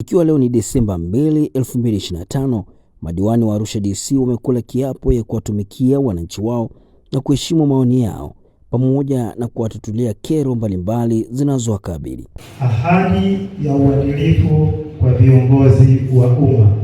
Ikiwa leo ni Desemba 2, 2025, madiwani wa Arusha DC wamekula kiapo ya kuwatumikia wananchi wao na kuheshimu maoni yao pamoja na kuwatatulia kero mbalimbali zinazowakabili. Ahadi ya uadilifu kwa viongozi wa umma.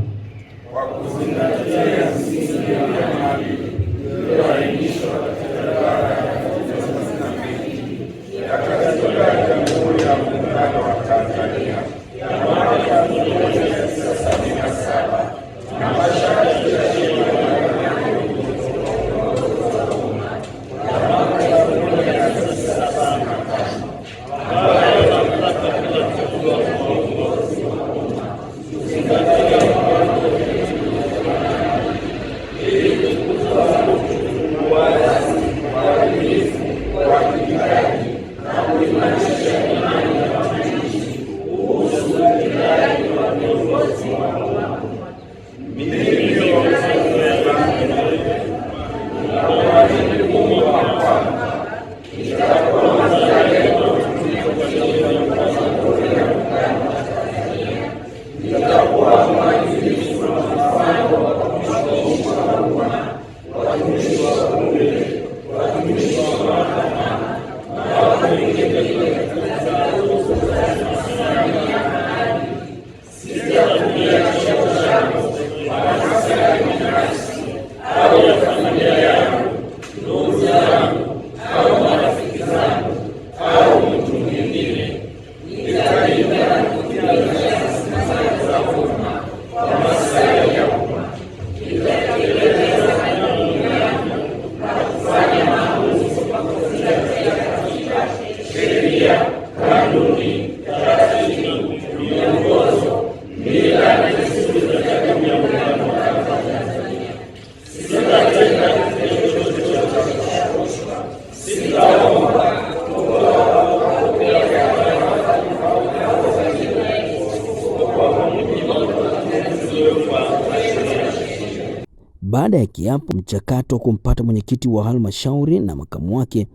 mwingine nitalinda na kutunza sheria zinazoeleza huruma Baada ya kiapo, mchakato wa kumpata mwenyekiti wa halmashauri na makamu wake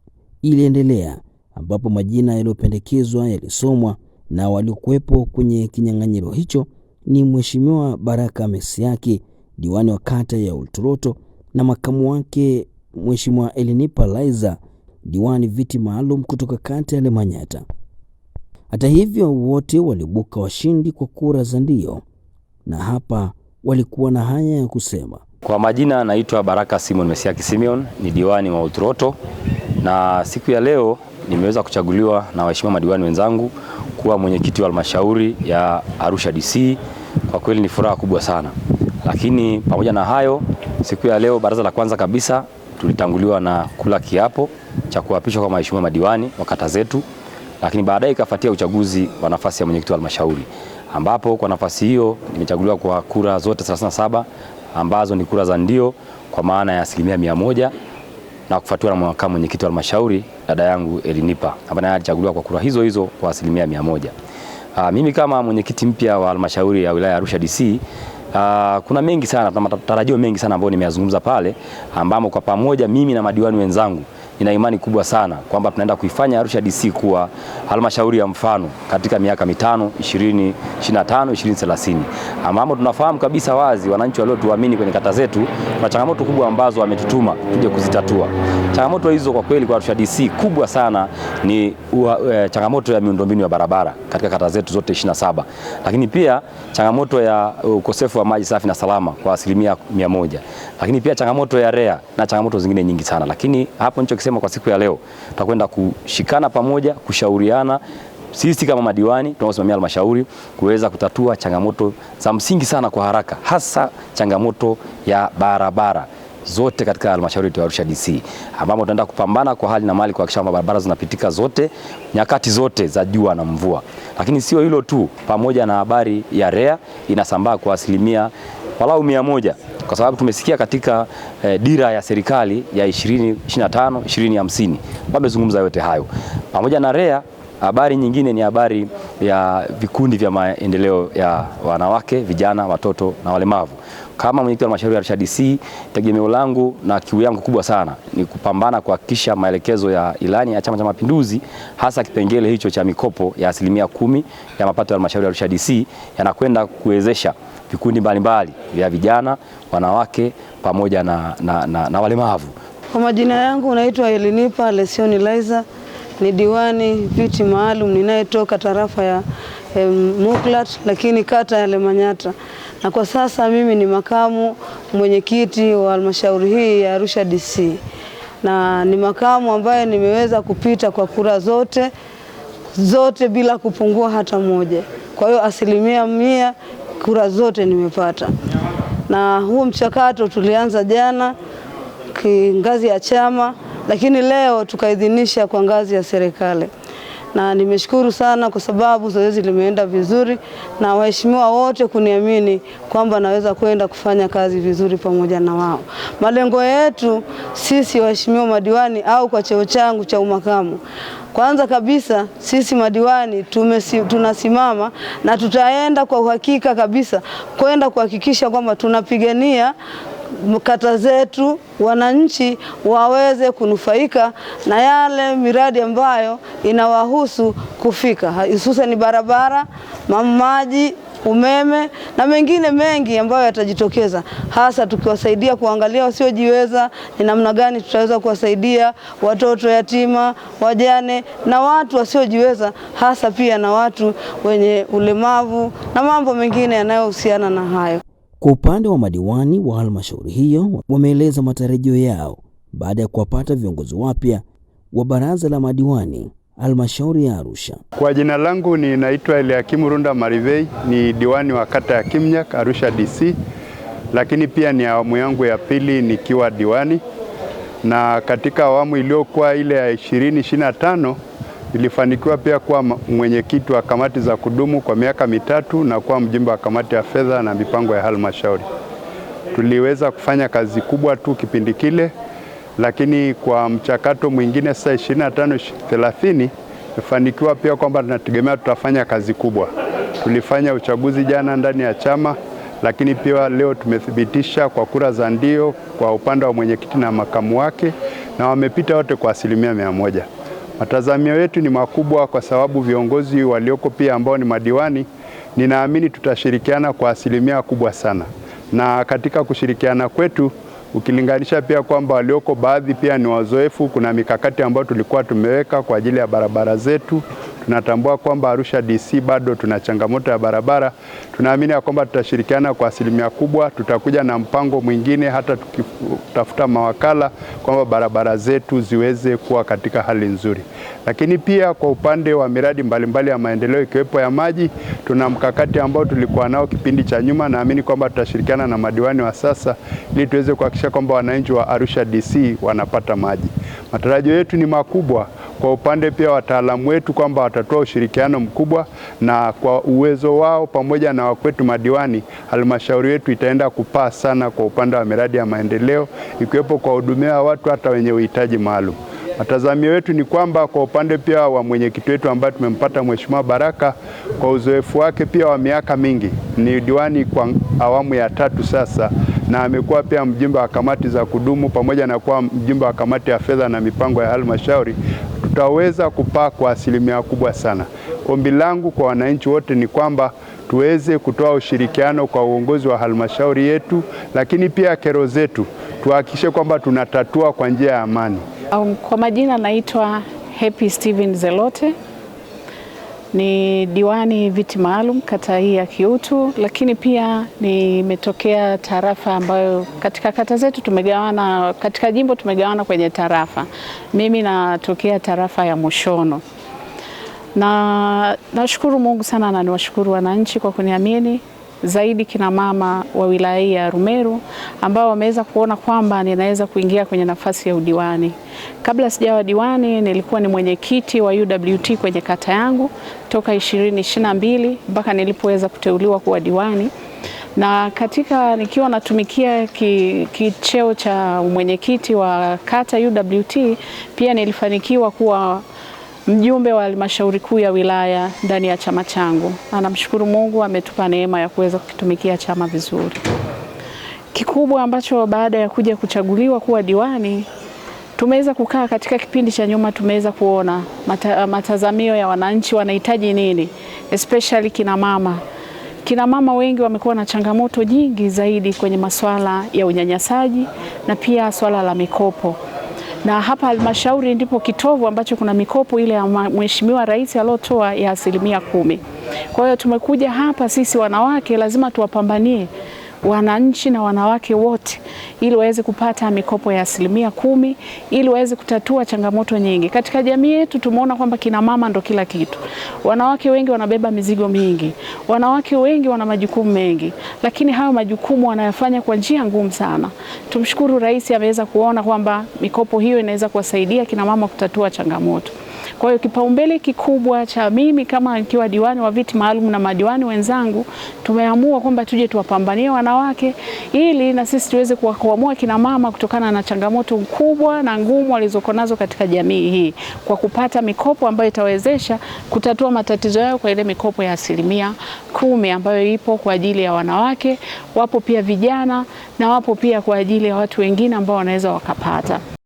iliendelea, ambapo majina yaliyopendekezwa yalisomwa na waliokuwepo kwenye kinyang'anyiro hicho ni Mheshimiwa Baraka Mesiaki, diwani wa kata ya ulturoto na makamu wake Mheshimiwa Elinipa Laiza diwani viti maalum kutoka kata ya Lemanyata. Hata hivyo, wote walibuka washindi kwa kura za ndio, na hapa walikuwa na haya ya kusema. Kwa majina, anaitwa Baraka Simon Mesiaki Simeon, ni diwani wa Utoroto, na siku ya leo nimeweza kuchaguliwa na waheshimiwa madiwani wenzangu kuwa mwenyekiti wa halmashauri ya Arusha DC. Kwa kweli ni furaha kubwa sana, lakini pamoja na hayo, siku ya leo baraza la kwanza kabisa tulitanguliwa na kula kiapo cha kuapishwa kwa maheshimiwa madiwani wa kata zetu, lakini baadaye ikafuatia uchaguzi wa nafasi ya mwenyekiti wa halmashauri ambapo kwa nafasi hiyo nimechaguliwa kwa kura zote 37 ambazo ni kura za ndio kwa maana ya asilimia mia moja na kufuatiwa na makamu mwenyekiti wa halmashauri dada yangu Elinipa ambaye naye alichaguliwa kwa kura hizo hizo kwa asilimia mia moja. Aa, ah, mimi kama mwenyekiti mpya wa halmashauri ya wilaya ya Arusha DC Uh, kuna mengi sana matarajio mengi sana ambayo nimeyazungumza pale ambamo kwa pamoja mimi na madiwani wenzangu nina imani kubwa sana kwamba tunaenda kuifanya Arusha DC kuwa halmashauri ya mfano katika miaka mitano 2025 2030, ambapo tunafahamu kabisa wazi wananchi waliotuamini kwenye kata zetu na changamoto kubwa ambazo wametutuma tuje kuzitatua. Changamoto hizo kwa kweli kwa Arusha DC kubwa sana ni ua, e, changamoto ya miundombinu ya barabara katika kata zetu zote 27, lakini pia changamoto ya ukosefu wa maji safi na salama kwa asilimia 100, lakini pia changamoto ya REA na changamoto zingine nyingi sana, lakini hapo nicho nimesema kwa siku ya leo tutakwenda kushikana pamoja, kushauriana sisi kama madiwani tunaosimamia halmashauri kuweza kutatua changamoto za msingi sana kwa haraka, hasa changamoto ya barabara zote katika halmashauri ya Arusha DC, ambapo tunaenda kupambana kwa hali na mali kuhakikisha kwamba barabara zinapitika zote nyakati zote za jua na mvua. Lakini sio hilo tu, pamoja na habari ya REA inasambaa kwa asilimia walau mia moja kwa sababu tumesikia katika eh, dira ya serikali ya 2025 2050 wamezungumza yote hayo pamoja na REA. Habari nyingine ni habari ya vikundi vya maendeleo ya wanawake, vijana, watoto na walemavu. Kama mwenyekiti wa halmashauri ya Arusha DC, tegemeo langu na kiu yangu kubwa sana ni kupambana kuhakikisha maelekezo ya ilani ya Chama cha Mapinduzi, hasa kipengele hicho cha mikopo ya asilimia kumi ya mapato ya halmashauri ya Arusha DC yanakwenda kuwezesha vikundi mbalimbali vya vijana, wanawake pamoja na, na, na, na walemavu. Kwa majina yangu unaitwa Elinipa Lesioni Laiza ni diwani viti maalum ninayetoka tarafa ya eh, Muklat lakini kata ya Lemanyata, na kwa sasa mimi ni makamu mwenyekiti wa halmashauri hii ya Arusha DC, na ni makamu ambaye nimeweza kupita kwa kura zote zote bila kupungua hata moja. Kwa hiyo asilimia mia kura zote nimepata, na huu mchakato tulianza jana ngazi ya chama lakini leo tukaidhinisha kwa ngazi ya serikali na nimeshukuru sana kwa sababu zoezi limeenda vizuri na waheshimiwa wote kuniamini kwamba naweza kwenda kufanya kazi vizuri pamoja na wao. Malengo yetu sisi waheshimiwa madiwani au kwa cheo changu cha umakamu, kwanza kabisa sisi madiwani tumesi, tunasimama na tutaenda kwa uhakika kabisa kwenda kuhakikisha kwamba tunapigania kata zetu wananchi waweze kunufaika na yale miradi ambayo inawahusu kufika, ni barabara, maji, umeme na mengine mengi ambayo yatajitokeza, hasa tukiwasaidia kuangalia wasiojiweza ni namna gani tutaweza kuwasaidia watoto yatima, wajane na watu wasiojiweza, hasa pia na watu wenye ulemavu na mambo mengine yanayohusiana na hayo. Kwa upande wa madiwani wa halmashauri hiyo wameeleza matarajio yao baada ya kuwapata viongozi wapya wa baraza la madiwani halmashauri ya Arusha. Kwa jina langu ninaitwa Eliakim Runda Marivei, ni diwani wa kata ya Kimnyak Arusha DC, lakini pia ni awamu yangu ya pili nikiwa diwani, na katika awamu iliyokuwa ile ya 2025 Nilifanikiwa pia kuwa mwenyekiti wa kamati za kudumu kwa miaka mitatu na kuwa mjumbe wa kamati ya fedha na mipango ya halmashauri. Tuliweza kufanya kazi kubwa tu kipindi kile, lakini kwa mchakato mwingine saa 25 30 tumefanikiwa pia kwamba tunategemea tutafanya kazi kubwa. Tulifanya uchaguzi jana ndani ya chama, lakini pia leo tumethibitisha kwa kura za ndio kwa upande wa mwenyekiti na makamu wake, na wamepita wote kwa asilimia mia moja. Matazamio yetu ni makubwa kwa sababu viongozi walioko pia ambao ni madiwani, ninaamini tutashirikiana kwa asilimia kubwa sana, na katika kushirikiana kwetu ukilinganisha pia kwamba walioko baadhi pia ni wazoefu. Kuna mikakati ambayo tulikuwa tumeweka kwa ajili ya barabara zetu. Tunatambua kwamba Arusha DC bado tuna changamoto ya barabara. Tunaamini ya kwamba tutashirikiana kwa asilimia kubwa. Tutakuja na mpango mwingine, hata tukitafuta mawakala kwamba barabara zetu ziweze kuwa katika hali nzuri. Lakini pia kwa upande wa miradi mbalimbali mbali ya maendeleo ikiwepo ya maji, tuna mkakati ambao tulikuwa nao kipindi cha nyuma. Naamini kwamba tutashirikiana na madiwani wa sasa ili tuweze kuhakikisha kwamba wananchi wa Arusha DC wanapata maji. Matarajio yetu ni makubwa kwa upande pia wataalamu wetu kwamba watatoa ushirikiano mkubwa, na kwa uwezo wao pamoja na wakwetu madiwani, halmashauri yetu itaenda kupaa sana kwa upande wa miradi ya maendeleo ikiwepo kwa hudumia watu hata wenye uhitaji maalum. Matazamio yetu ni kwamba kwa upande pia wa mwenyekiti wetu ambaye tumempata Mheshimiwa Baraka, kwa uzoefu wake pia wa miaka mingi, ni diwani kwa awamu ya tatu sasa, na amekuwa pia mjumbe wa kamati za kudumu pamoja na kuwa mjumbe wa kamati ya fedha na mipango ya halmashauri, tutaweza kupaa kwa asilimia kubwa sana. Ombi langu kwa wananchi wote ni kwamba tuweze kutoa ushirikiano kwa uongozi wa halmashauri yetu, lakini pia kero zetu tuhakikishe kwamba tunatatua kwa njia ya amani. Um, kwa majina naitwa Happy Steven Zelote ni diwani viti maalum kata hii ya Kiutu, lakini pia nimetokea tarafa ambayo katika kata zetu tumegawana, katika jimbo tumegawana kwenye tarafa. Mimi natokea tarafa ya Mushono na nashukuru Mungu sana na niwashukuru wananchi kwa kuniamini zaidi kina mama wa wilaya hii ya Arumeru ambao wameweza kuona kwamba ninaweza kuingia kwenye nafasi ya udiwani. Kabla sijawa diwani, nilikuwa ni mwenyekiti wa UWT kwenye kata yangu toka 2022 mpaka nilipoweza kuteuliwa kuwa diwani na katika nikiwa natumikia kicheo ki cha mwenyekiti wa kata UWT, pia nilifanikiwa kuwa mjumbe wa halmashauri kuu ya wilaya ndani ya chama changu. Anamshukuru Mungu ametupa neema ya kuweza kukitumikia chama vizuri. Kikubwa ambacho baada ya kuja kuchaguliwa kuwa diwani tumeweza kukaa katika kipindi cha nyuma, tumeweza kuona mata, matazamio ya wananchi wanahitaji nini, especially kina mama. Kina mama wengi wamekuwa na changamoto nyingi zaidi kwenye masuala ya unyanyasaji na pia swala la mikopo na hapa halmashauri ndipo kitovu ambacho kuna mikopo ile ya Mheshimiwa Rais aliotoa ya asilimia kumi. Kwa hiyo tumekuja hapa sisi wanawake, lazima tuwapambanie wananchi na wanawake wote ili waweze kupata mikopo ya asilimia kumi ili waweze kutatua changamoto nyingi katika jamii yetu. Tumeona kwamba kina mama ndo kila kitu, wanawake wengi wanabeba mizigo mingi, wanawake wengi wana majukumu mengi, lakini hayo majukumu wanayafanya kwa njia ngumu sana. Tumshukuru Rais ameweza kuona kwamba mikopo hiyo inaweza kuwasaidia kina mama kutatua changamoto. Kwa hiyo kipaumbele kikubwa cha mimi kama nikiwa diwani wa viti maalum na madiwani wenzangu, tumeamua kwamba tuje tuwapambanie wanawake ili na sisi tuweze kuwakwamua kina mama kutokana na changamoto kubwa na ngumu walizoko nazo katika jamii hii, kwa kupata mikopo ambayo itawezesha kutatua matatizo yao kwa ile mikopo ya asilimia kumi ambayo ipo kwa ajili ya wanawake. Wapo pia vijana na wapo pia kwa ajili ya watu wengine ambao wanaweza wakapata